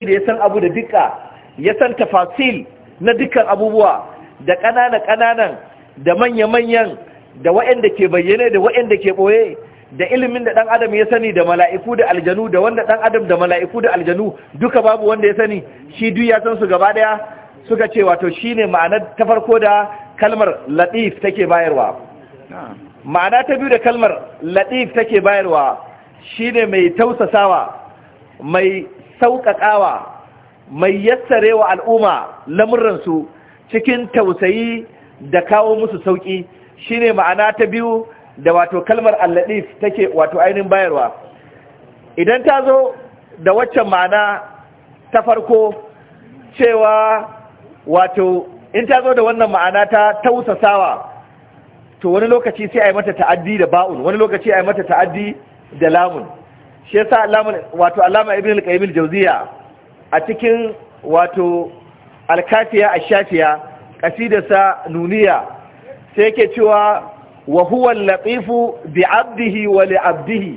da ya san abu da duka ya san tafasil na dukkan abubuwa da ƙananan ƙananan da manya-manyan da waɗanda ke bayyane da waɗanda ke ɓoye da ilimin da ɗan adam ya sani da mala'iku da aljanu da wanda ɗan adam da mala'iku da aljanu duka babu wanda ya sani shi duk ya san su gaba ɗaya suka ce wato shine ma'anar ta farko da kalmar latif take bayarwa ma'ana ta biyu da kalmar latif take bayarwa shi ne mai tausasawa mai sauƙaƙawa mai yassarewa al'umma lamuransu cikin tausayi da kawo musu sauƙi shine ma'ana ta biyu da wato kalmar alladif take wato ainihin bayarwa idan ta zo da waccan ma'ana ta farko cewa wato in ta zo da wannan ma'ana ta tausasawa to wani lokaci sai a yi mata ta'addi da ba'un wani lokaci a yi mata ta'addi da lamun shi yasa alama wato alama ibn al-qayyim al-jawziya a cikin wato al-kafiya ash-shafiya qasidarsa nuniya sai yake cewa wa huwa al-latifu bi 'abdihi wa li 'abdihi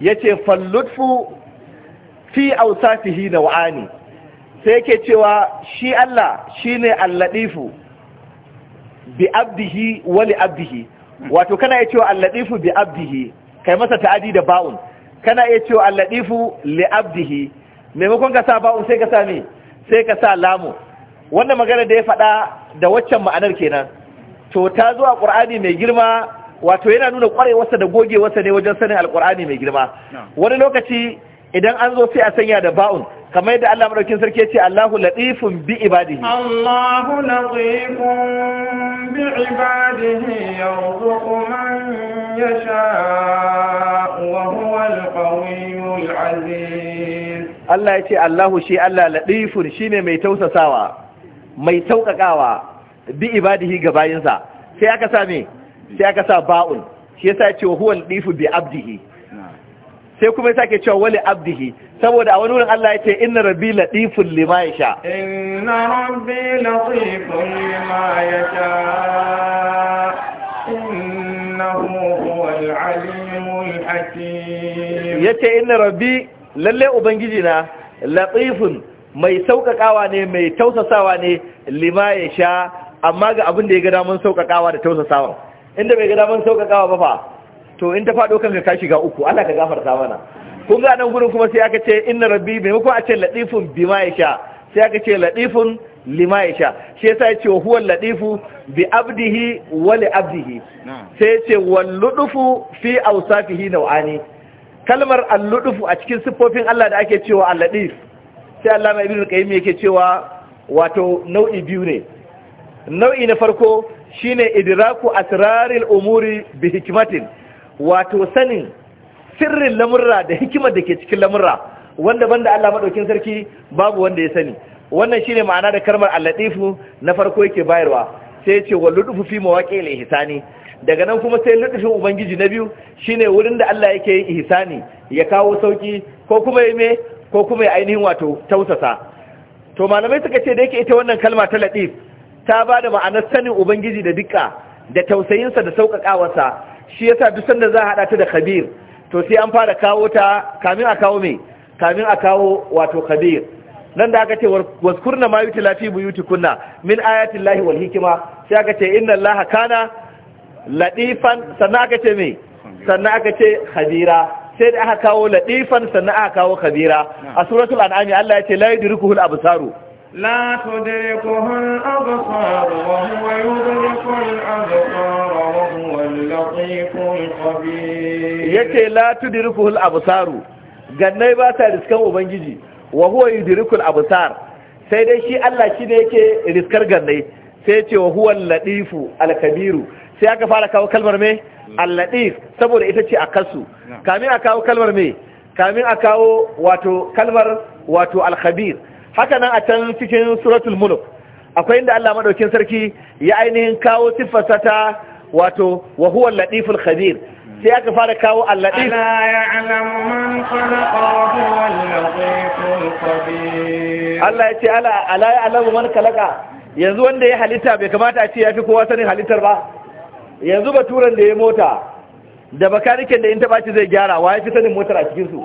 yace fallutfu fi awsatihi naw'ani sai yake cewa shi Allah shine al-latifu bi 'abdihi wa li 'abdihi wato kana yace wa al-latifu bi 'abdihi kai masa ta'adi da ba'un kana iya cewa alladifu li abdihi maimakon ka sa ba'un sai ka sa me sai ka sa lamu wannan magana da ya faɗa da waccan ma'anar kenan to ta zo a qur'ani mai girma wato yana nuna kwarewarsa da gogewarsa ne wajen sanin alqur'ani mai girma wani lokaci idan an zo sai a sanya da ba'un kamar yadda Allah madaukin sarki ce Allahu latifun bi ibadihi Allahu latifun bi ibadihi yarzuqu man يشاء وهو القوي العزيز الله يتي الله شي الله لطيف شيني مي توسساوا مي توققاوا بعباده غباينسا sai aka sa me sai aka sa ba'un shi yasa ya ce wa bi sai kuma sake cewa wali abdihi saboda a wani wurin Allah ya ce inna rabbi latiful lima yasha inna rabbi latiful lima yasha Yace ce ina rabbi lalle ubangiji na latifin mai sauƙaƙawa ne mai tausasawa ne lima ya sha amma ga abin da ya ga mun sauƙaƙawa da tausasawa inda bai ga mun sauƙaƙawa ba fa to in ta faɗo kanka ka shiga uku Allah ka gafarta mana kun ga nan gurin kuma sai aka ce inna rabbi muku a ce latifun bima ya sha sai aka ce latifun lima ya sha shi yasa ya ce huwan latifu bi abdihi wa li abdihi sai ce walludufu fi awsafihi nau'ani kalmar alludufu a cikin siffofin Allah da ake cewa alladif sai Allah mai ibnu qayyim yake cewa wato nau'i biyu ne nau'i na farko shine idraku asraril umuri bi hikmatin wato sanin sirrin lamurra da hikimar da ke cikin lamurra wanda banda Allah madaukin sarki babu wanda ya sani wannan shine ma'ana da kalmar alladifu na farko yake bayarwa sai ce wa ludufu fi mawaƙi ne ihsani daga nan kuma sai ludufin ubangiji na biyu shine wurin da Allah yake yin ihsani ya kawo sauki ko kuma ya me ko kuma ya ainihin wato tausasa to malamai suka ce da yake ita wannan kalma ta latif ta ba da ma'anar sanin ubangiji da dukka da tausayinsa da sauƙaƙawarsa shi yasa duk sanda za a haɗa ta da Kabir. to sai an fara kawo ta kamin a kawo me kamin a kawo wato Kabir. nan da aka ce waskurna ma bu yi buyutikunna min ayatin lahi wal hikima sai aka ce inna allaha kana latifan sannan aka ce me sannan aka ce khabira sai da aka kawo latifan sannan aka kawo khabira a suratul an'am Allah ya ce la yudrikuhu al absaru لا تدركه الأبصار وهو يدرك الأبصار وهو اللطيف الخبير يكي لا تدركه الأبصار gannai ba ta riskan ubangiji wa huwa yudrikul absar sai dai shi Allah shi ne yake riskar ganne sai ce wa huwa latifu alkabiru sai aka fara kawo kalmar me al-latif saboda ita ce a kasu kamin a kawo kalmar me kamin a kawo wato kalmar wato al-khabir haka nan a can cikin suratul mulk akwai inda Allah madaukin sarki ya ainihin kawo siffarsa ta wato wa huwa al-latiful khabir sai aka fara kawo allaɗi Allah ya ce ala ya alamu man kalaka yanzu wanda ya halitta bai kamata a ce ya fi kowa sanin halittar ba yanzu ba turan da ya mota da bakaniken da in taɓa ci zai gyara wa ya fi sanin motar a cikinsu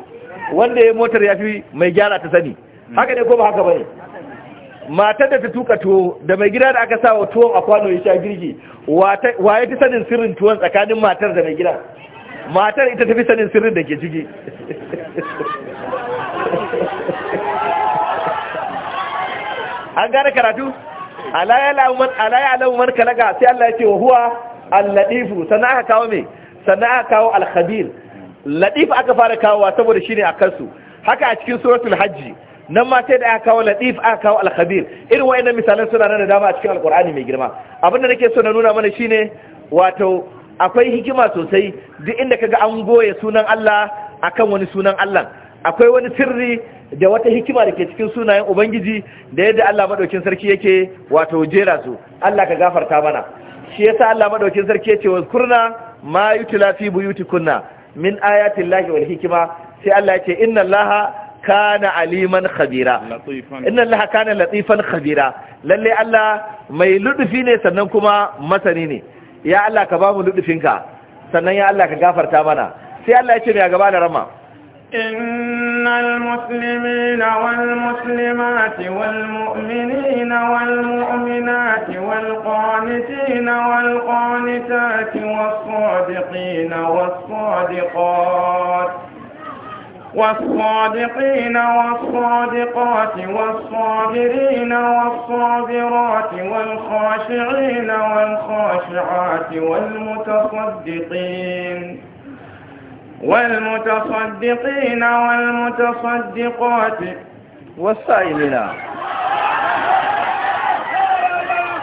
wanda ya motar ya fi mai gyara ta sani haka ne ko ba haka ba ne matar da ta tuka tuwo da mai gida da aka sa wa tuwon a kwano ya sha girgi wa ya fi sanin sirrin tuwon tsakanin matar da mai gida matar ita ta fi sanin sirrin da ke ciki an gane karatu alaya alamun kalaga sai Allah ya ce wa huwa al-ladifu sannan aka kawo mai sannan aka kawo al-khabir aka fara kawowa saboda shi ne a kansu haka a cikin suratul hajji nan ma sai da aka kawo latif aka kawo alkhabir irin wayannan misalan suna nan da dama a cikin alkur'ani mai girma abin da nake so na nuna mana shine wato akwai hikima sosai duk inda kaga an goye sunan Allah akan wani sunan Allah akwai wani sirri da wata hikima da ke cikin sunayen ubangiji da yadda Allah madaukin sarki yake wato jera su Allah ka gafarta mana shi yasa Allah madaukin sarki yake wa kurna, ma yutla fi buyutikunna min ayati llahi wal hikima sai Allah yake inna allaha كان عليما خبيرا ان الله كان لطيفا خبيرا للي الله ما يلد فينا سنن كما متني يا الله كبامو فينكا سنن يا الله كغفرتا منا سي الله يتي يا غبا رما ان المسلمين والمسلمات والمؤمنين والمؤمنات والقانتين والقانتات والصادقين والصادقات والصادقين والصادقات والصابرين والصابرات والخاشعين والخاشعات والمتصدقين والمتصدقين والمتصدقات والسائلين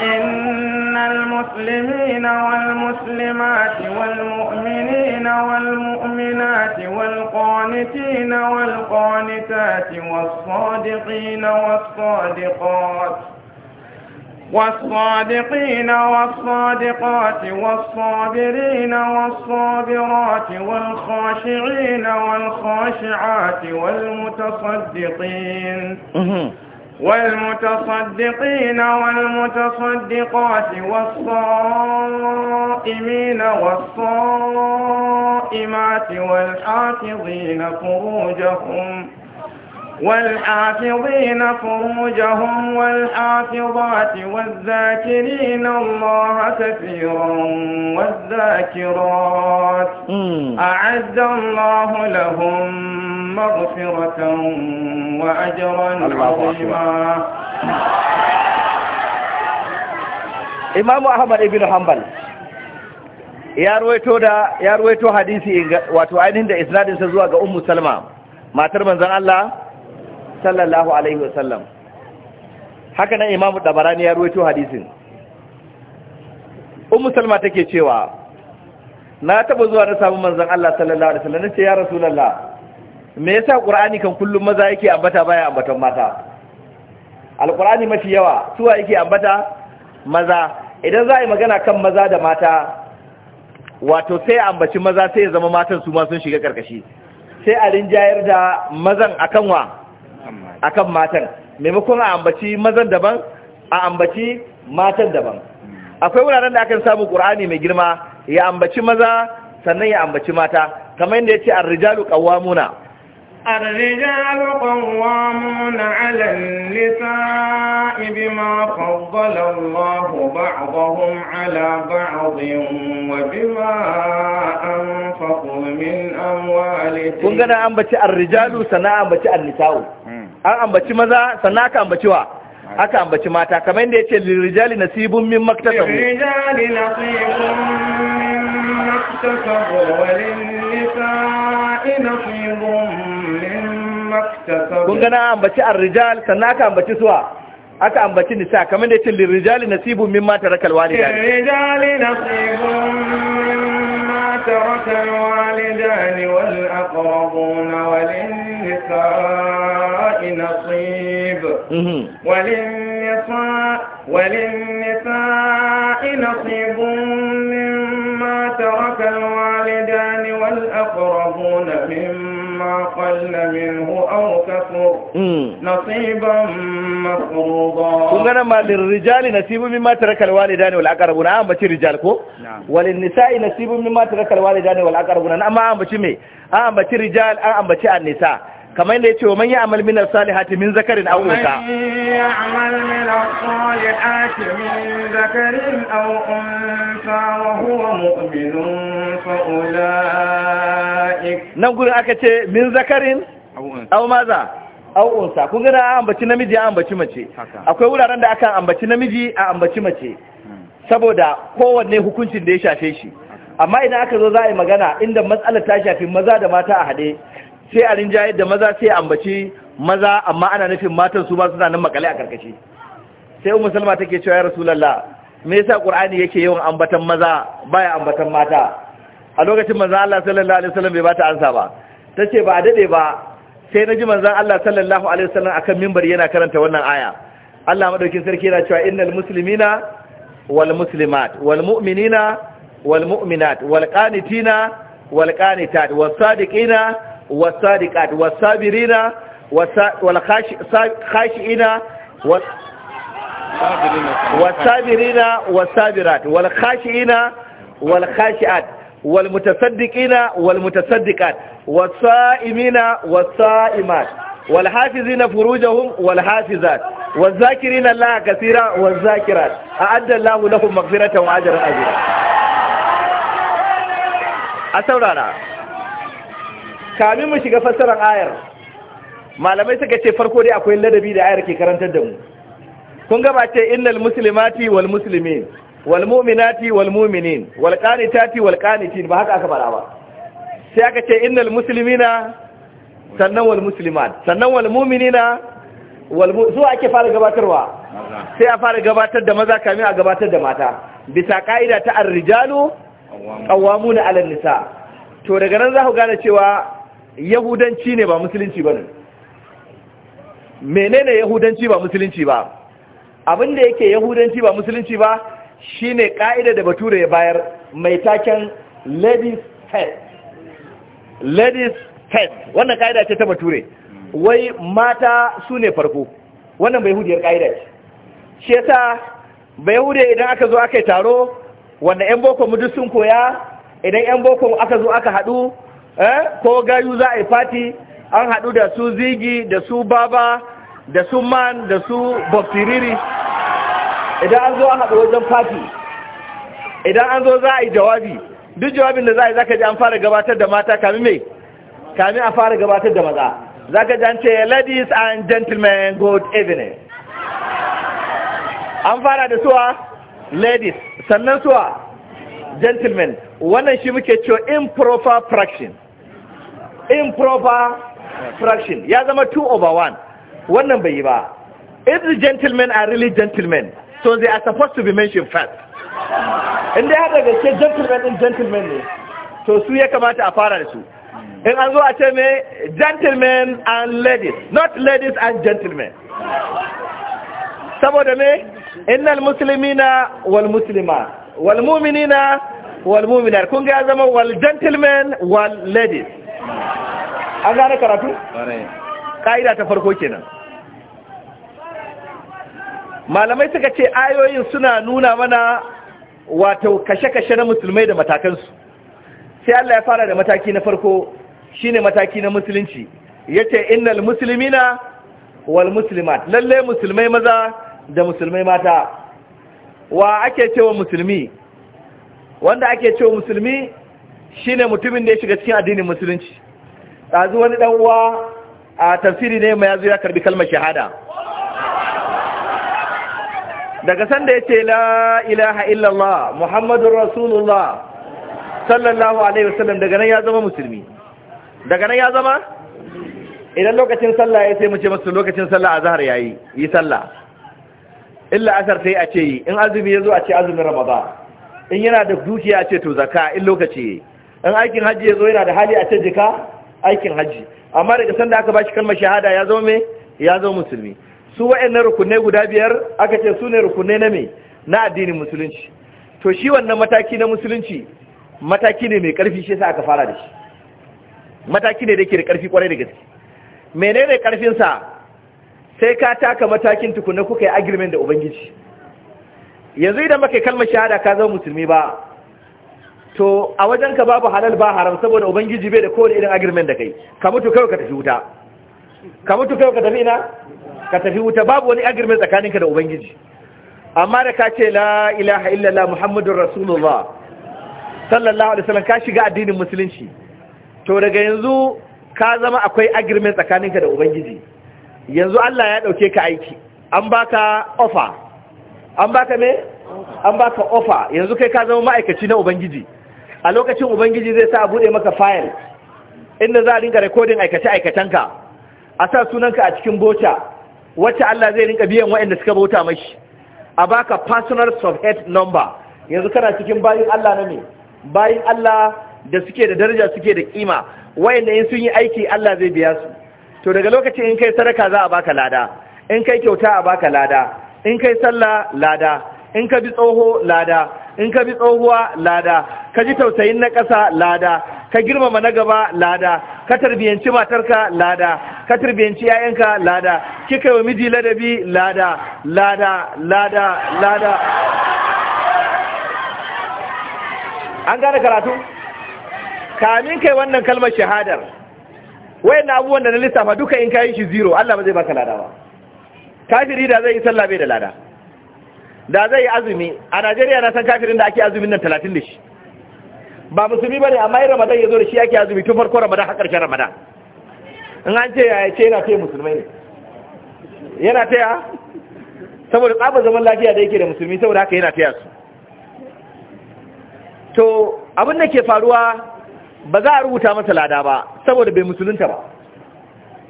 إن المسلمين والمسلمات والمؤمنين والمؤمنات والقانتين والقانتات والصادقين والصادقات والصادقين والصادقات والصابرين والصابرات والخاشعين والخاشعات والمتصدقين والمتصدقين والمتصدقات والصائمين والصائمات والحافظين فروجهم والحافظين فروجهم والحافظات والذاكرين الله كثيرا والذاكرات أعز الله لهم مغفرة وأجرا عظيما Imamu Ahmad ibn Hanbal ya ruwaito da ya ruwaito hadisi wato ainihin da isnadin sa zuwa ga Ummu Salma matar manzon Allah sallallahu alaihi wasallam haka nan imamu dabarani ya ruwaito hadisin ummu salma take cewa na taba zuwa na samu manzon Allah sallallahu alaihi wasallam nace ya rasulullah me yasa qur'ani kan kullum maza yake ambata baya ambatan mata alqur'ani mafi yawa suwa yake ambata maza idan za a yi magana kan maza da mata wato sai ambaci maza sai ya zama matan su ma sun shiga karkashi sai a rinjayar da mazan akan wa akan matan maimakon a ambaci mazan daban a ambaci matan daban akwai wuraren da aka samu qur'ani mai girma ya ambaci maza sannan ya ambaci mata kamar yadda yace ar-rijalu qawwamuna الرجال قوامون على النساء بما فضل الله بعضهم على بعض وبما أنفقوا من أموالهم كنا أنبتي الرجال سنا أنبتي النساء an ambaci maza sannan aka ambaci wa aka ambaci mata kamar yadda ce lirijali na min min maktasabu walin min kun gana ambaci ar-rijal sannan aka ambaci suwa aka ambaci nisa kamar da yace lirijali nasibun mimma tarakal mata lirijali nasibun mimma tarakal walidani wal aqrabun walin nisaa نصيب وللنساء وللنساء نصيب مما ترك الوالدان والأقربون مما قل منه أو كثر نصيبا مفروضا كنا ما للرجال نصيب مما ترك الوالدان والأقربون أنا بشي رجالكم نعم. وللنساء نصيب مما ترك الوالدان والأقربون أنا بشي مي أنا بشي رجال أنا بشي النساء kamar yadda ya ce wa manya amal minar as-salihati min zakarin aw unsa wa nan gudun aka ce min zakarin au maza aw kun gina a ambaci namiji a ambaci mace akwai wuraren da aka ambaci namiji a ambaci mace hmm. saboda kowanne hukuncin da ya shafe shi amma idan aka zo za a yi magana inda matsalar ta shafi maza da mata a haɗe sai a rinjayar da maza sai ambaci maza amma ana nufin matan su ba suna nan makale a karkashi sai umu salma take cewa ya rasulullah me yasa qur'ani yake yawan ambatan maza baya ambatan mata a lokacin manzo Allah sallallahu alaihi wasallam bai bata ansa ba tace ba a dade ba sai naji manzo Allah sallallahu alaihi wasallam akan minbar yana karanta wannan aya Allah madaukin sarki yana cewa innal muslimina wal muslimat wal mu'minina wal mu'minat wal qanitina wal qanitat was sadiqina والصادقات والصابرين والخاشئين والصابرين والصابرات والخاشئين والخاشئات والمتصدقين والمتصدقات والصائمين والصائمات والحافظين فروجهم والحافظات والذاكرين الله كثيرا والذاكرات أعد الله لهم مغفرة وأجرا عظيما أسورنا kamin mu shiga fassarar ayar malamai suka ce farko dai akwai ladabi da ayar ke karantar da mu kun gaba ce innal muslimati wal muslimin wal mu'minati wal mu'minin wal qanitati wal qanitin ba haka aka fara ba sai aka ce innal muslimina sannan wal muslimat sannan wal mu'minina wal zuwa ake fara gabatarwa sai a fara gabatar da maza kamin a gabatar da mata bisa ka'ida ta ar-rijalu qawwamuna 'ala nisa to daga nan za ku gane cewa yahudanci ne ba musulunci ba ne menene yahudanci ba musulunci ba abin da yake yahudanci ba musulunci ba shine ka'ida da bature ya bayar mai taken ladies head ladies head wannan ka'ida ce ta bature wai mata su ne farko wannan bai hudiyar ka'ida ce shi yasa bai hudu idan aka zo aka yi taro wanda 'yan boko mu duk sun koya idan 'yan boko aka zo aka haɗu Eh, ko gayu za a fati an haɗu da su zigi da su baba da su man da su baftiriri idan an zo an haɗu wajen fati idan an zo za a yi jawabi duk jawabin da za a yi zaka ji an fara gabatar da mata kamin mai kamin a fara gabatar da maza zaka ji an ce ladies and gentlemen good evening an fara da suwa ladies sannan suwa gentlemen wannan shi muke cewa improper fraction improper fraction ya zama 2 over 1 wannan bai yi ba if the gentlemen are really gentlemen so they are supposed to be mentioned first inda ya daga ce gentlemen din gentlemen ne to su ya kamata a fara da su in an zo a ce me gentlemen and ladies not ladies and gentlemen saboda me innal muslimina wal muslimat walmuminina mu'minina kun ga zama wal gentlemen wal ladies an gane karatu ka'ida ta farko kenan malamai suka ce ayoyin suna nuna mana wato kashe-kashe na musulmai da matakansu sai Allah ya fara da mataki na farko shine mataki na musulunci yace innal muslimina wal muslimat lalle musulmai maza da musulmai mata wa ake cewa musulmi wanda ake cewa musulmi shine mutumin da ya shiga cikin addinin musulunci dazu wani dan uwa a tafsiri ne mai yazo ya karbi kalmar shahada daga sanda yace la ilaha illallah muhammadur rasulullah sallallahu alaihi wasallam daga nan ya zama musulmi daga nan ya zama idan lokacin sallah ya sai mu ce masa lokacin sallah zahar yayi yi sallah in la'asar sai a ce in azumi yazo a ce azumin ramadan in yana da dukiya a ce to zaka in lokaci in aikin hajji ya zo yana da hali a ce jika aikin hajji amma daga sanda aka bashi kalmar shahada ya zama me ya musulmi su wa'annan rukunai guda biyar aka ce su ne rukunai na me na addinin musulunci to shi wannan mataki na musulunci mataki ne mai karfi shi yasa aka fara da shi mataki ne da yake da karfi kwarai da gaske menene karfin sa sai ka taka matakin tukuna kuka yi agirmen da ubangiji yanzu idan baka kalmar shahada ka zama musulmi ba to a wajen ka babu halal ba haram saboda ubangiji bai da kowane irin agirmen da kai ka mutu kawai ka tafi wuta ka mutu kawai ka tafi ina ka tafi wuta babu wani agirmen tsakaninka da ubangiji amma da ka ce la ilaha illallah muhammadur rasulullah sallallahu alaihi wasallam ka shiga addinin musulunci to daga yanzu ka zama akwai agirmen tsakaninka da ubangiji yanzu Allah ya ɗauke ka aiki an baka ofa. an baka me an baka ofa. yanzu kai ka zama ma'aikaci na ubangiji a lokacin ubangiji zai sa a buɗe maka fayil. inda za a rinka rekodin aikace aikacenka a sa sunanka a cikin bota. wacce Allah zai rinka biyan waɗanda suka bota mashi a baka personal subhead number yanzu kana cikin bayin Allah na ne bayin Allah da suke da daraja suke da kima wayanda in sun yi aiki Allah zai biya su to daga lokacin in kai sadaka za a baka lada in kai kyauta a baka lada in kai sallah lada in ka bi tsoho lada in ka bi tsohuwa lada ka ji tausayin na ƙasa lada ka girmama na gaba lada ka tarbiyanci matarka lada ka tarbiyanci yayanka lada kika yi miji ladabi lada lada lada lada an gane karatu kamin kai wannan kalmar shahadar na abubuwan da na lissafa duka in kayi shi zero Allah ba zai baka lada ba kafiri da zai yi sallah bai da lada da zai yi azumi a Najeriya na san kafirin da ake azumin nan 30 da shi ba musulmi bane amma yi Ramadan ya zo da shi ake azumi tun farko Ramadan har ƙarshen Ramadan in an ce yaya ce yana taya musulmai ne yana taya saboda tsaba zaman lafiya da yake da musulmi saboda haka yana taya su to abin da ke faruwa ba za a rubuta masa lada ba saboda bai musulunta ba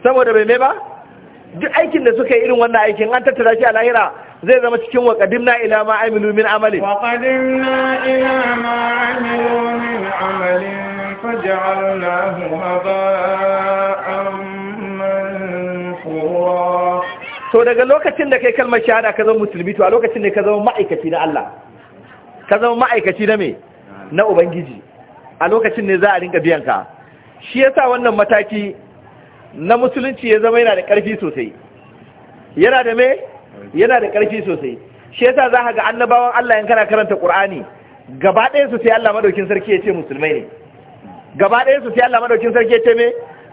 saboda bai mai ba duk aikin da suka yi irin wannan aikin an tattara shi a lahira zai zama cikin wa qadimna ila ma aminu min amalin wa qadimna ila ma aminu min amalin faj'alnahu haba'an manthura to daga lokacin da kai kalmar shahada ka zama musulmi to a lokacin ne ka zama ma'aikaci na Allah ka zama ma'aikaci na me na ubangiji a lokacin ne za a rinka biyan ka shi yasa wannan mataki na musulunci ya zama yana da ƙarfi sosai yana da me yana da ƙarfi sosai shi yasa za ka ga annabawan Allah in kana karanta Qur'ani gaba ɗayan su sai Allah madaukin sarki ya ce musulmai ne gaba ɗayan su sai Allah madaukin sarki ya ce me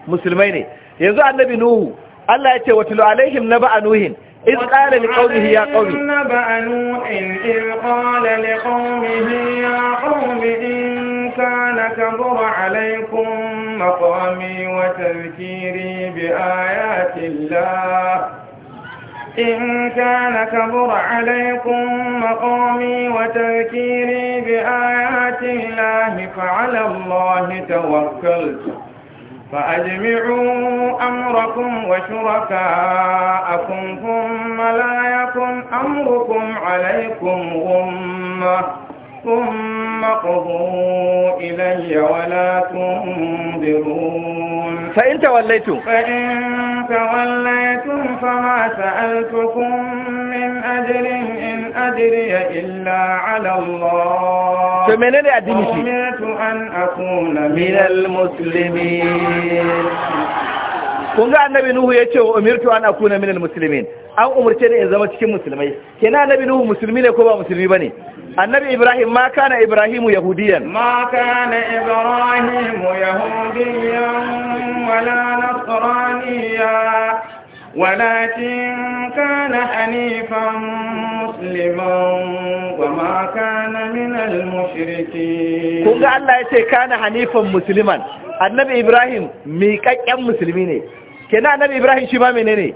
musulmai ne yanzu annabi Nuhu Allah ya ce wa tilu alaihim naba nuhin إذ قال لقومه يا قوم نبأ نوح إذ قال لقومه يا قوم إن كبر عليكم مقامي وتذكيري بآيات الله إن كان كبر عليكم مقامي وتذكيري بآيات الله فعلى الله توكلت فأجمعوا أمركم وشركاءكم ثم لا يكن أمركم عليكم غمّة ثم قضوا إلي ولا تنظرون فإن توليتم فإن توليتم فما سألتكم من أجر إن أجري إلا على الله أمرت أن أكون من المسلمين kun ga annabi nuhu ya ce wa umirtu an akuna minal muslimin an umarce ni in zama cikin musulmai kenan annabi nuhu musulmi ne ko ba musulmi bane annabi ibrahim ma kana ibrahim yahudiyan ma kana ibrahim yahudiyan wala nasraniya ولكن كان حنيفا مسلما وما كان من المشركين كنت الله يتي كان حنيفا مسلما annabi ibrahim miƙaƙƙen musulmi ne kenan annabi ibrahim shi ma menene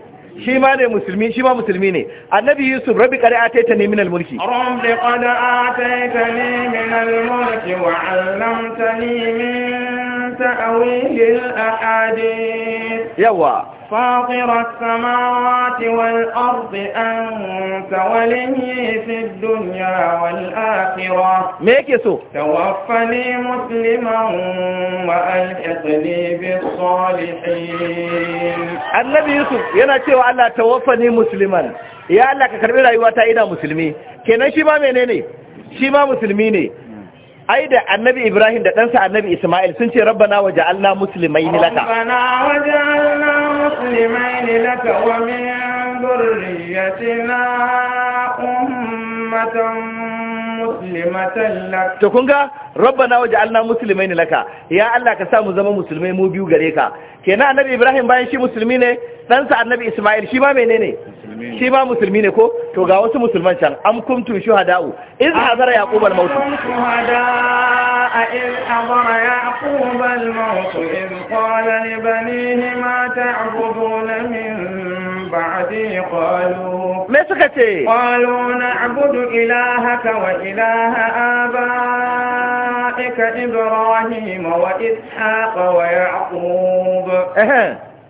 shi ma ne musulmi shi ma musulmi ne annabi yusuf rabbi qad ataitani min al-mulki rabbi qad ataitani min al-mulki wa 'allamtani min ta'wil al-ahadith yawa فاطر السماوات والأرض أنت ولي في الدنيا والآخرة توفني مسلما وألحقني بالصالحين النبي يوسف ينتهي على توفني مسلما يا الله كربي يواتا إلى مسلمي كنا شما منيني شما مسلميني ai da annabi Ibrahim da ɗansa annabi Ismail sun ce rabbana waje Allah musulmai ni laka. waje musulmai ne laka wa To kun ga rabbana waje Allah musulmai ni laka ya Allah ka sa mu zama musulmai mu biyu gare ka. Kenan annabi Ibrahim bayan shi musulmi ne ɗansa annabi Ismail shi ma menene? shi ba musulmi ne ko to ga wasu musulman can am kuntum shuhada'u iz hazara yaqub al maut shuhada'a iz hazara yaqub al maut iz qala li banihi ma ta'buduna min ba'di qalu me suka ce qalu na'budu ilahaka wa ilaha abaika ibrahim wa ishaq wa yaqub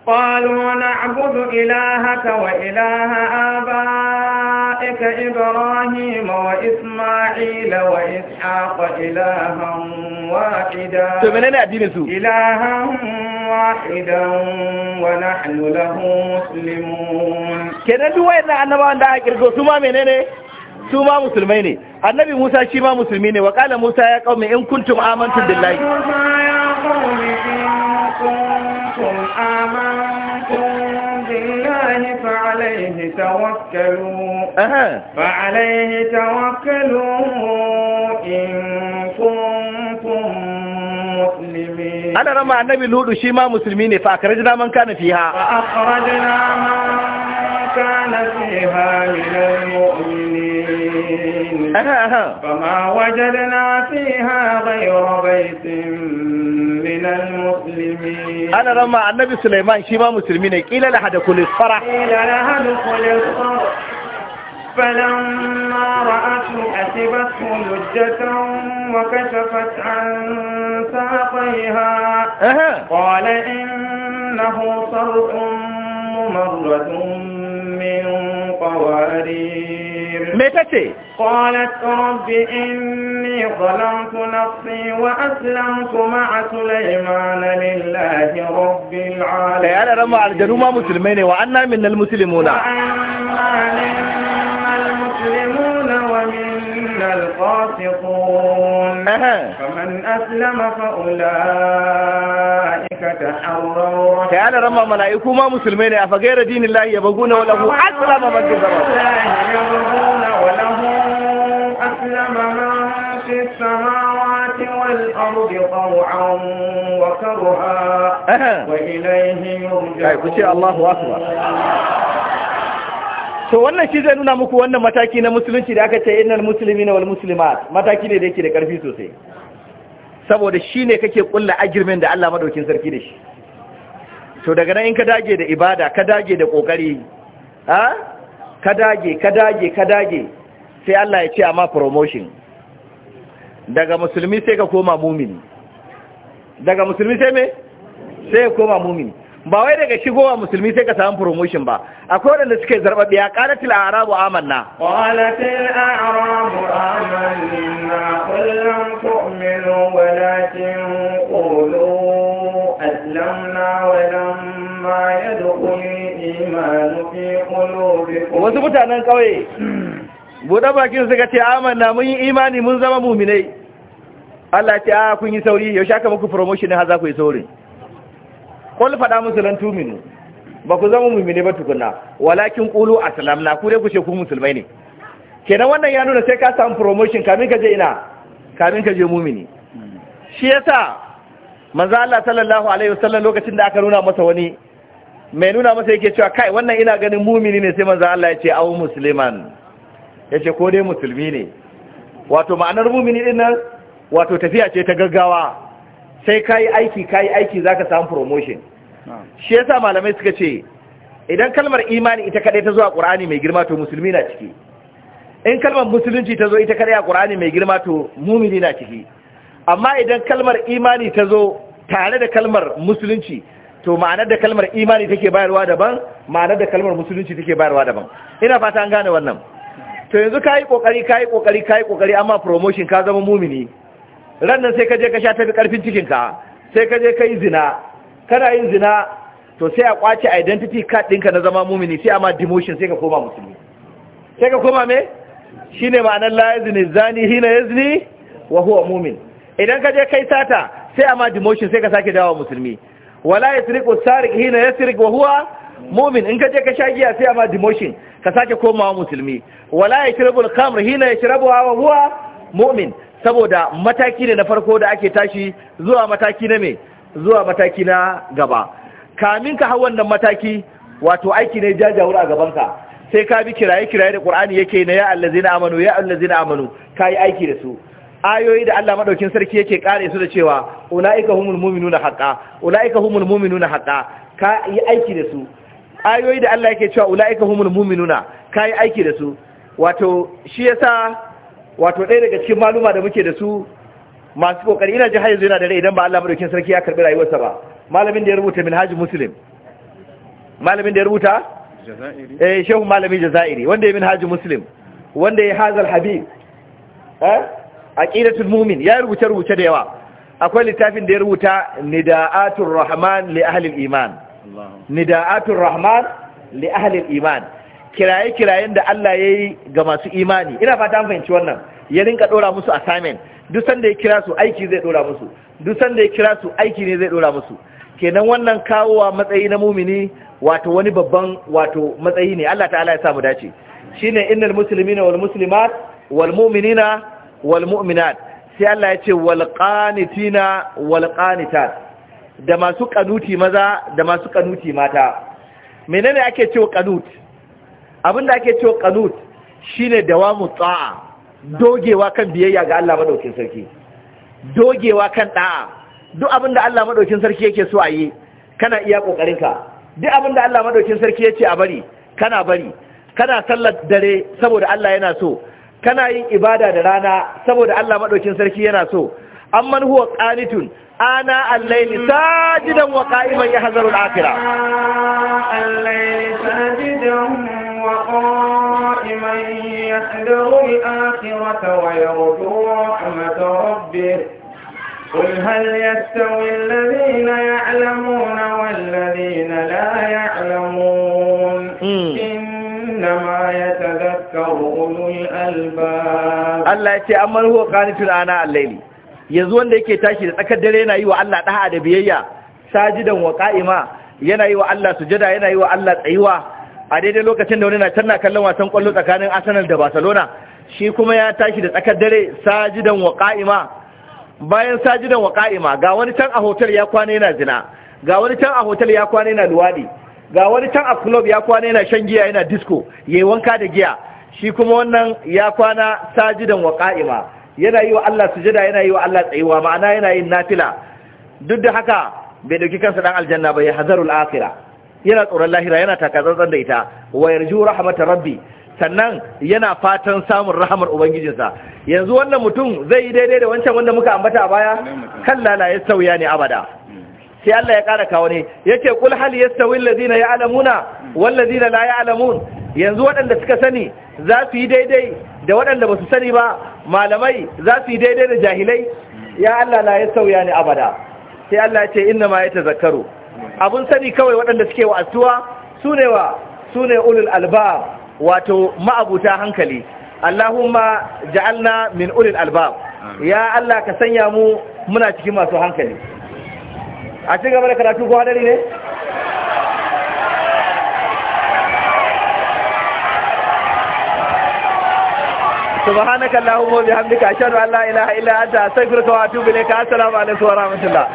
قالوا نعبد إلهك وإله آبائك إبراهيم وإسماعيل وإسحاق إلها واحدا إلها واحدا ونحن له مسلمون كنا دوين أنما أنت أكرقوا سما منيني su ma musulmai ne annabi musa shi ma musulmi ne wa kala musa ya kaume in kuntum amantum billahi آمنتم بالله فعليه توكلوا فعليه توكلوا إن كنتم مسلمين أنا رمى النبي لود شيما مسلمين فأخرجنا من كان فيها فأخرجنا من كان فيها من المؤمنين فما وجدنا فيها غير بيت من المسلمين أنا رمى النبي سليمان شما مسلمين قيل لحد كل الصرح قيل لحد كل الصرح فلما رأته حسبته لجة وكشفت عن ساقيها قال إنه صرح ممرد من قوارير متى قالت رب إني ظلمت نفسي وأسلمت مع سليمان لله رب العالمين أنا رمى على جنوما مسلمين وأنا من المسلمون وأنا من المسلمون ومن القاسطون أسلم فأولئك تحروا تعالى رمى ملائكو ما مسلمين أفغير دين الله يبغون وله أسلم من في السماوات والأرض طوعا to wannan shi zai nuna muku wannan mataki na musulunci da aka ce innal muslimina wal muslimat mataki ne da yake da karfi sosai saboda shi ne kake kulla ajirmin da Allah madaukin sarki da shi to daga nan in ka dage da ibada ka dage da kokari ha ka dage ka dage ka dage sai Allah ya ce amma promotion daga musulmi sai ka koma mumini daga musulmi sai me sai ka koma mumini ba wai daga shigowa musulmi sai ka samu promotion ba akwai waɗanda suke zarbabi ya qalatil a'rabu amanna qalatil a'rabu amanna qul lam tu'minu walakin qulu aslamna wa lamma yadkhulul imanu fi qulubikum wasu mutanen kauye buɗe bakin suka ce amanna mun yi imani mun zama mu'minai Allah ya ce a kun yi sauri yaushe aka muku promotion ne har za ku yi saurin kul faɗa musu lan tuminu ba ku zama mumini ba tukunna walakin qulu aslamna ku dai ku ce ku musulmai ne kenan wannan ya nuna sai ka samu promotion kamin ka je ina kamin ka je mumini shi yasa manzo Allah sallallahu alaihi wasallam lokacin da aka nuna masa wani mai nuna masa yake cewa kai wannan ina ganin mumini ne sai manzo Allah ya ce aw musliman yace ko dai musulmi ne wato ma'anar mumini din nan wato tafiya ce ta gaggawa sai ka yi aiki ka yi aiki za ka samu promotion shi yasa malamai suka ce idan kalmar imani ita kadai ta zo a ƙura'ani mai girma to musulmi na ciki in kalmar musulunci ta zo ita kadai a ƙura'ani mai girma to mumini na ciki amma idan kalmar imani ta zo tare da kalmar musulunci to ma'anar da kalmar imani take bayarwa daban ma'anar da kalmar musulunci take bayarwa daban ina fata an gane wannan to yanzu ka yi ƙoƙari ka yi ƙoƙari amma promotion ka zama mumini rannan sai ka je ka sha tafi karfin cikinka sai ka je ka yi zina kana yin zina to sai a kwace identity card ɗinka na zama mumini sai a ma demotion sai ka koma musulmi sai ka koma me shi ne ma'anar la yazni zani hina yazni wa huwa mumin idan ka je kai sata sai a ma demotion sai ka sake dawo musulmi wala yasriqu sariq hina yasriq wa huwa mumin in ka je ka sha giya sai a ma demotion ka sake komawa musulmi wala yashrabu al-khamr hina yashrabuha wa huwa mumin saboda mataki ne na farko da ake tashi zuwa mataki na me zuwa mataki na gaba kamin ka hau wannan mataki wato aiki ne jajawur a gabanka sai ka bi kiraye kiraye da Qur'ani yake na ya allazina amanu ya allazina amanu kai aiki da su ayoyi da Allah madaukin sarki yake kare su da cewa ulaika humul mu'minuna haqqan ulaika humul mu'minuna haqqan ka yi aiki da su ayoyi da Allah yake cewa ulaika humul mu'minuna kai aiki da su wato shi yasa wato ɗaya daga cikin maluma da muke da su masu ƙoƙari ina ji har yanzu yana da rai idan ba Allah madaukin sarki ya karɓi rayuwarsa ba malamin da ya rubuta minhajul muslim malamin da ya rubuta jazairi eh shehu malamin jazairi wanda ya minhajul muslim wanda ya hazal habib eh aqidatul mu'min ya rubuta rubuce da yawa akwai littafin da ya rubuta nida'atul rahman li ahli al-iman nida'atul rahman li ahli al-iman kiraye-kirayen da Allah ya yi ga masu imani ina fata an fahimci wannan ya rinka dora musu assignment duk sanda ya kira su aiki zai dora musu duk sanda ya kira su aiki ne zai dora musu kenan wannan kawowa matsayi na mumini wato wani babban wato matsayi ne Allah ta'ala ya samu dace shine innal muslimina wal muslimat wal mu'minina wal mu'minat sai Allah ya ce wal qanitina wal qanitat da masu kanuti maza da masu kanuti mata menene ake cewa kanut Abin da ake cewa qanut shine dawamu tsa'a dogewa kan biyayya ga Allah madaukin sarki dogewa kan da'a duk abinda Allah madaukin sarki yake so a yi kana iya ƙoƙarinka duk abinda Allah madaukin sarki yace a bari kana bari kana sallar dare saboda Allah yana so kana yin ibada da rana saboda Allah madaukin sarki yana so amman huwa qanitun ana al-layli sajidan wa qa'iman akhirah al-layli وقائما يحذر الآخرة ويرجو رحمة ربه قل هل يستوي الذين يعلمون والذين لا يعلمون إنما يتذكر أولو الألباب الله يتي أمن هو قانت الآناء الليل yanzu wanda yake tashi da tsakar dare yana yi wa Allah ɗaha da biyayya sajidan wa ƙa'ima yana yi wa Allah sujada yana yi wa Allah tsayuwa a daidai lokacin da wani na canna kallon wasan kwallo tsakanin arsenal da barcelona shi kuma ya tashi da tsakar dare sajidan wa ka'ima bayan sajidan wa ka'ima ga wani can a hotel ya kwana yana zina ga wani can a hotel ya kwana yana luwadi ga wani can a club ya kwana yana shan giya yana disco yayi wanka da giya shi kuma wannan ya kwana sajidan wa ka'ima yana yi wa Allah sujada yana yi wa Allah tsayuwa ma'ana yana yin nafila duk da haka bai dauki kansa dan aljanna ba ya hazarul akhirah yana tsoron lahira yana takatsantsan da ita wa yarju rahmatar rabbi sannan yana fatan samun rahamar ubangijinsa yanzu wannan mutum zai yi daidai da wancan wanda muka ambata a baya kan lalaye sauya ne abada sai Allah ya kara kawo ne yake kul hal yastawi alladhina ya'lamuna wal ladina la ya'lamun yanzu waɗanda suka sani za su yi daidai da waɗanda ba su sani ba malamai za su yi daidai da jahilai ya Allah la yastawi ne abada sai Allah ya ce inna ma yatazakkaru abun sani kawai waɗanda suke su sune wa sune ulul alba wato ma'abuta hankali Allahumma ja'alna min ulul albab ya Allah ka sanya mu muna cikin masu hankali a cikin gaba da karatu ko hadari ne سبحانك اللهم وبحمدك اشهد ان لا اله الا انت استغفرك واتوب اليك السلام عليكم ورحمه الله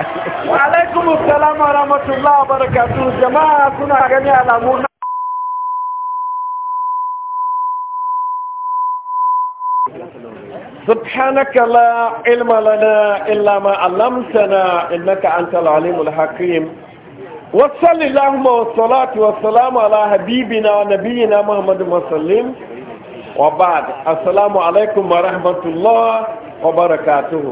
وعليكم السلام ورحمه الله وبركاته جماعه كنا جميعا على سبحانك لا علم لنا إلا ما علمتنا إنك أنت العليم الحكيم وصل اللهم والصلاة والسلام على حبيبنا ونبينا محمد وسلم وبعد السلام عليكم ورحمة الله وبركاته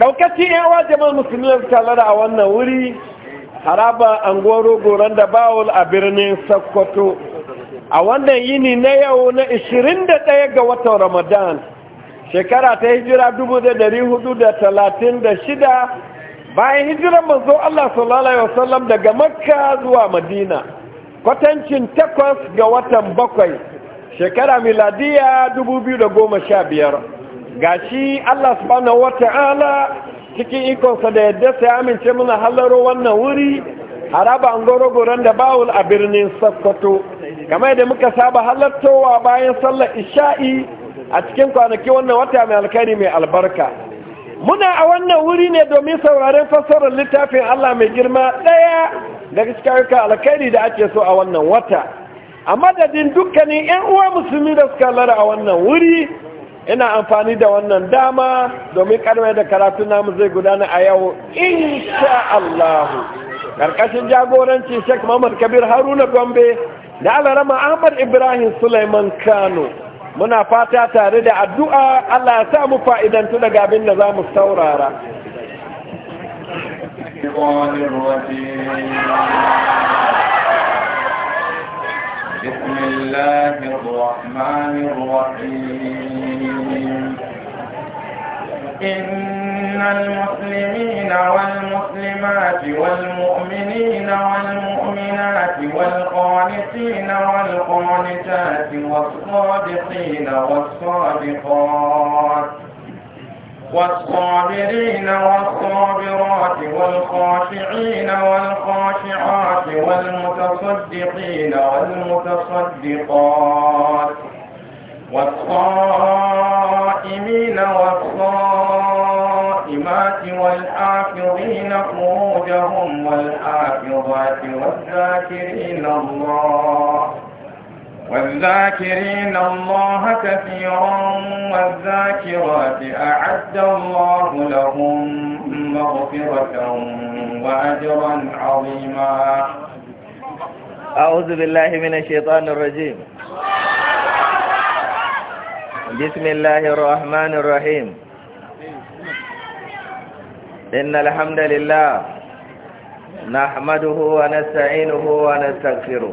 ɗaukaci yawa jama'ar musulmi tare a wannan wuri haraba angoro goron da a birnin sokoto a wannan yini na yau na 21 ga watan ramadan shekara ta hijira 436 bayan hijiran manzo Allah sallallahu alaihi wasallam daga makka zuwa madina kwatancin takwas ga watan bakwai shekara miladiya ga shi Allah subhanahu wata'ala cikin ikonsa da yadda sai amince muna halaro wannan wuri haraba an goron da bawul a birnin sassato kamar da muka saba halartowa bayan sallar isha'i a cikin kwanaki wannan wata mai alkari mai albarka muna a wannan wuri ne domin sauraren fassarar littafin Allah mai girma ɗaya daga cikin alkhairi da ake so a wannan wata a madadin dukkanin 'yan uwa musulmi da suka lara a wannan wuri ina amfani da wannan dama domin karfe da karatu namu zai gudana a yau insha Allahu karkashin jagoranci Sheikh Muhammad Kabir Haruna Gombe da Alarama Ahmad Ibrahim Sulaiman Kano muna fata tare da addu'a Allah ya sa mu fa'idantu daga abin da za mu saurara الله الرحمن الرحيم إن المسلمين والمسلمات والمؤمنين والمؤمنات والقانتين والقانتات والصادقين والصادقات والصابرين والصابرات والخاشعين والخاشعات والمتصدقين والمتصدقات والصائمين والصائمات والحافظين فروجهم والحافظات والذاكرين الله والذاكرين الله كثيرا والذاكرات أعد الله لهم مغفرة وأجرا عظيما أعوذ بالله من الشيطان الرجيم بسم الله الرحمن الرحيم إن الحمد لله نحمده ونستعينه ونستغفره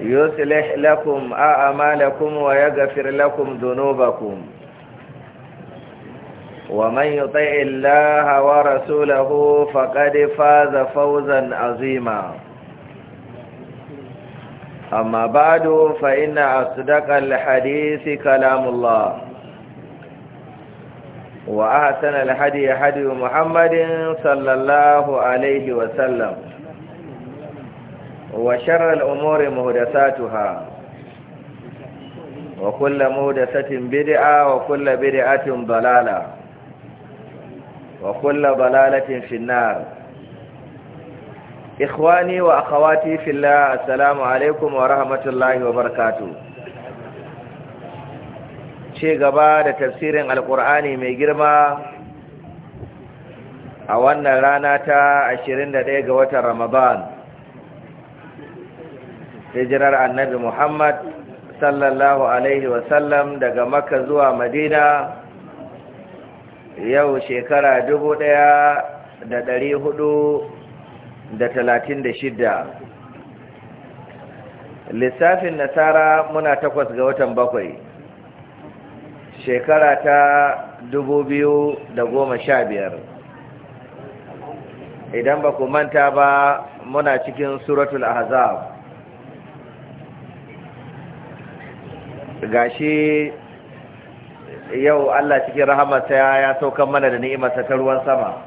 yuslih lakum a'malakum wa yaghfir lakum dhunubakum wa man yuti' illaha wa rasulahu faqad faza fawzan azima amma ba'du fa inna asdaqal hadith kalamullah wa ahsana al hadi hadi muhammadin sallallahu alayhi wa sallam وشر الأمور مهدساتها وكل مهدسة بدعة وكل بدعة ضلالة وكل ضلالة في النار إخواني وأخواتي في الله السلام عليكم ورحمة الله وبركاته شيء قبا تفسير القرآن من جرمه a wannan rana ta 21 ga watan Ramadan hijirar annabi Muhammad sallallahu alaihi wasallam daga maka zuwa Madina yau shekara dubu ɗaya da ɗari hudu da talatin da shidda lissafin nasara muna takwas ga watan bakwai shekara ta dubu biyu da goma sha biyar idan ba ku manta ba muna cikin suratul ahzab gashi yau Allah cikin rahamarsa ya saukan mana da ni'imarsa ta ruwan sama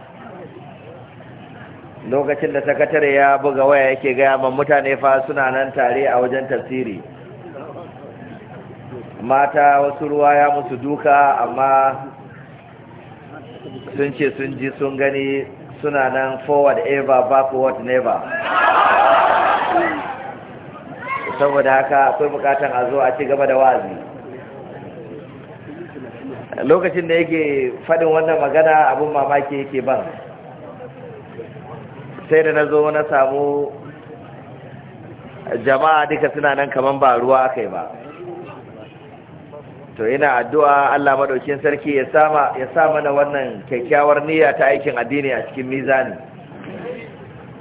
lokacin da sakatare ya buga waya yake gaya ma mutane fa suna nan tare a wajen tafsiri mata wasu ruwa ya musu duka amma sun ce sun ji sun gani suna nan forward ever backward never saboda haka akwai bukatan a zo a ci gaba da wa'azi lokacin da yake faɗin wannan magana abin mamaki yake ban sai da na zo na samu jama'a duka suna nan kamar ba ruwa kai ba to ina addu'a Allah maɗaukin sarki ya sa mana wannan kyakkyawar niyya ta aikin addini a cikin mizani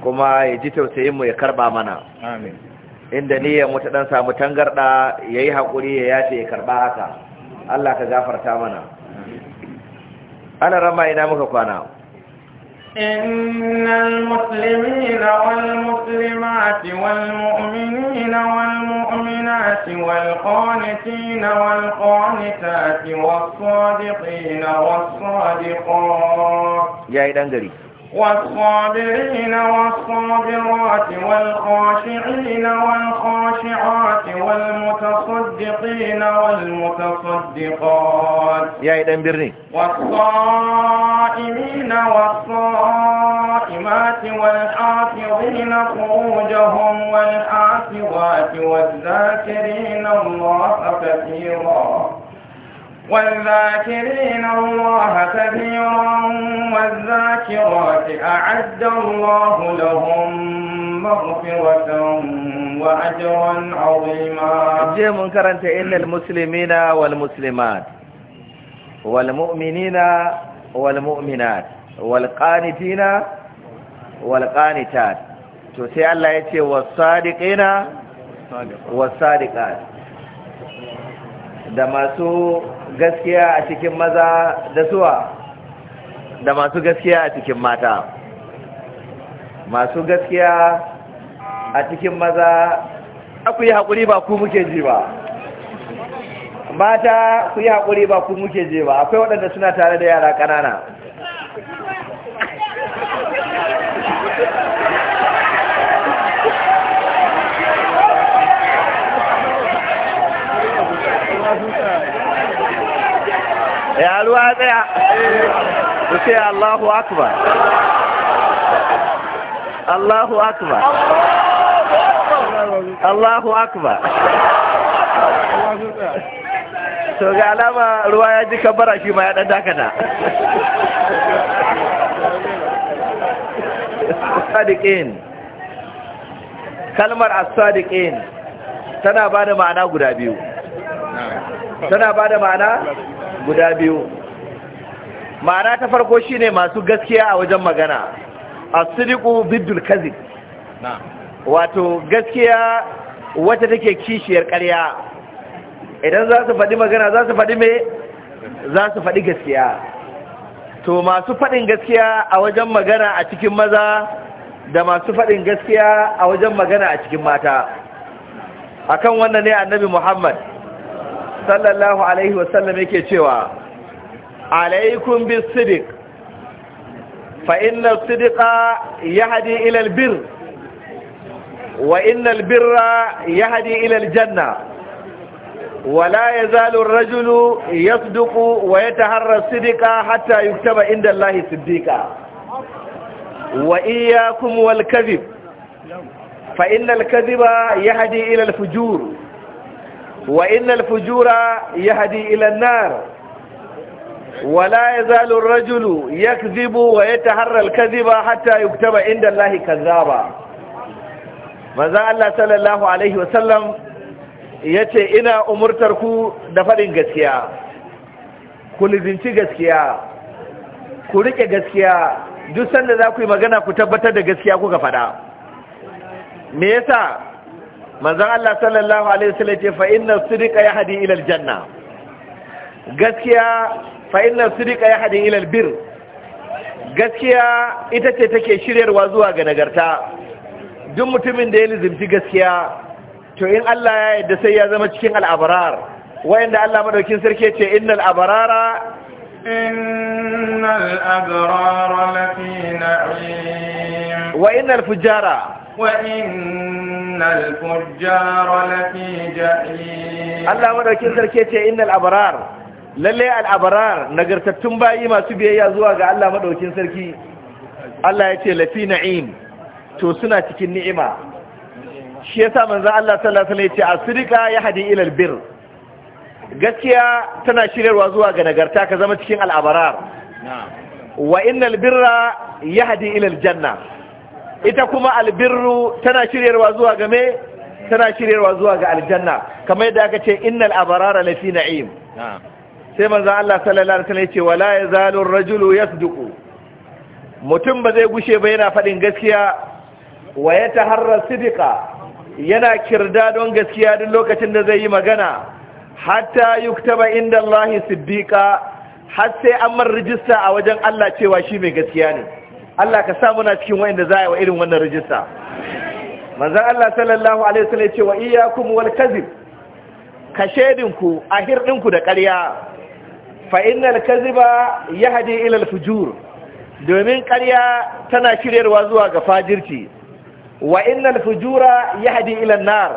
kuma ya ji tausayinmu ya karɓa mana amin inda niyyar ya mutu dan samu tangarda yayi hakuri ya yace ya karba haka Allah ka gafarta mana ana rama ina muka kwana إن المسلمين والمسلمات والمؤمنين والمؤمنات والقانتين والقانتات والصادقين والصادقات يا gari. والصابرين والصابرات والخاشعين والخاشعات والمتصدقين والمتصدقات يا إذن برني والصائمين والصائمات والحافظين فروجهم والحافظات والذاكرين الله كثيرا والذاكرين الله كثيرا والذاكرات أعد الله لهم مغفرة وأجرا عظيما جاء منكرا إن المسلمين والمسلمات والمؤمنين والمؤمنات والقانتين والقانتات to sai Allah ya ce wasadiqina wasadiqat da masu gaskiya a cikin maza da suwa da masu gaskiya a cikin mata masu gaskiya a cikin maza ku yi haƙuri ba ku muke ji ba mata ku yi haƙuri ba ku muke ji ba akwai waɗanda suna tare da yara ƙanana ruwa ya tsaya ku ce Allahu akbar Allahu akbar Allahu akbar to ga alama ruwa ya ji kabara shi ma ya dan dakata sadiqin kalmar as-sadiqin tana bada ma'ana guda biyu tana bada ma'ana guda biyu ma'ana ta farko shine masu gaskiya a wajen magana Asidiku biddul wato gaskiya wacce take kishiyar karya, idan za su faɗi magana za su faɗi mai za su faɗi gaskiya to masu faɗin gaskiya a wajen magana a cikin maza da masu faɗin gaskiya a wajen magana a cikin mata akan wannan ne annabi Muhammad sallallahu alaihi wasallam yake cewa alaikum bis sidiq fa inna sidqa yahdi ila al birr wa inna al birra yahdi ila al janna wa la yazalu ar rajulu yasduqu wa yataharra sidqa hatta yuktaba inda allahi siddiqa wa iyyakum wal kadhib fa inna al kadhiba yahdi fujur Wa وإن الفجور يهدي إلى النار ولا يزال الرجل يكذب ويتحرى الكذب inda يكتب عند الله كذابا maza Allah sallallahu Alaihi wasallam ya ce ina umurtarku da faɗin gaskiya ku lizinci gaskiya ku riƙe gaskiya duk sanda za ku yi magana ku tabbatar da gaskiya kuka faɗa me yasa manzan Allah sallallahu alaihi wasallam ce fa inna ya yahdi ila aljanna gaskiya fa inna ya yahdi ila albir gaskiya ita ce take shiryarwa zuwa ga nagarta duk mutumin da ya lizimci gaskiya to in Allah ya yarda sai ya zama cikin al'abrar wayanda Allah madaukin sarki ce innal abrara innal abrara lafi na'im wa innal fujara wa'inal fujjara lafi jahim Allah sarki ce innal barar, lalle al abrar nagartattun bayi masu biyayya zuwa ga Allah madauki sarki Allah yace lafi na'im to suna cikin ni'ima shi yasa manzo Allah sallallahu alaihi wasallam yace asrika ya ila ilal bir gaskiya tana shiryarwa zuwa ga nagarta ka zama cikin al'abarar. wa innal birra ya hadi ilal janna ita kuma albirru tana shiryarwa zuwa game tana shiryarwa zuwa ga aljanna kamar yadda aka ce innal abarara lafi na'im sai manzo Allah sallallahu alaihi wasallam yace wala yazalu ar-rajulu yasduqu mutum ba zai gushe ba yana fadin gaskiya wa yataharra sidqa yana kirda don gaskiya duk lokacin da zai yi magana hatta yuktaba inda Allah siddiqa har sai an man rijista a wajen Allah cewa shi mai gaskiya ne Allah ka sa muna cikin wayanda za a yi wa irin wannan rajista manzon Allah sallallahu alaihi wasallam ya ce wa kuma wani kadhib ka shaidinku a hirɗinku da ƙarya fa innal ya yahdi ilal fujur domin ƙarya tana shiryarwa zuwa ga fajirci wa fujura ya haɗe an-nar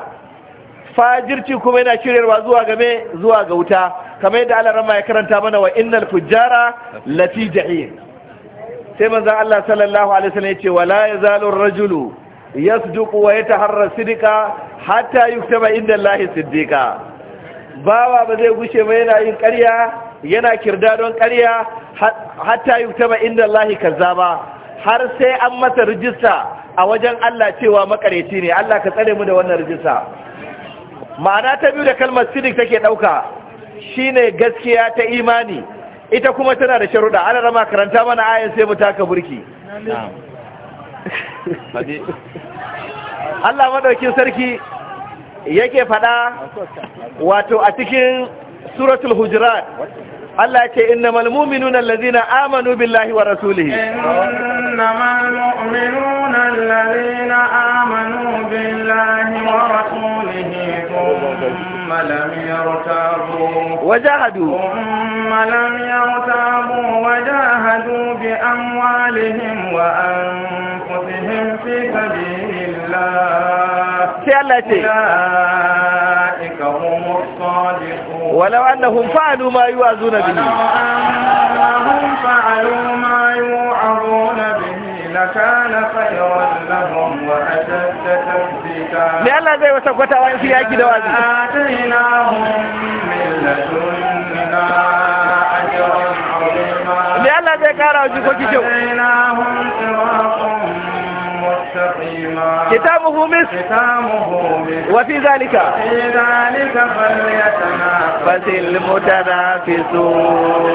fajirci kuma yana shiryarwa zuwa ga me zuwa ga wuta kamar yadda Allah rama ya karanta mana wa innal fujara lati sai manza Allah sallallahu alaihi wasallam yace wala yazalu rajulu yasduqu wa yataharra sidqa hatta yuktaba inda Allah Siddika. bawa ba zai gushe ba yana yin karya. yana kirda don ƙarya hatta yuktaba inda Allah kazzaba har sai an masa rijista a wajen Allah cewa makareci ne Allah ka tsare mu da wannan rijista ma'ana ta biyu da kalmar sidik take dauka shine gaskiya ta imani ita kuma tana da sharuɗa ana rama karanta mana ayan sai mu taka burki Allah madaukin sarki yake fada wato a cikin suratul hujurat Allah ce innamal mu'minuna allazina amanu billahi wa rasulihi innamal mu'minuna allazina amanu billahi wa rasulihi لم يرتابوا وجاهدوا ثم لم يرتابوا وجاهدوا بأموالهم وأنفسهم في سبيل الله أولئك هم الصادقون ولو أنهم فعلوا ما يوعظون به ولو أنهم فعلوا ما يوعظون به لكان خيرا Ni Allah zai wasa kwata wa yanzu yaki da wazi. Ni Allah zai kara wa jiko kike. كتابه مصر كتابه وفي ذلك في ذلك فليتنافس فسي المتنافسون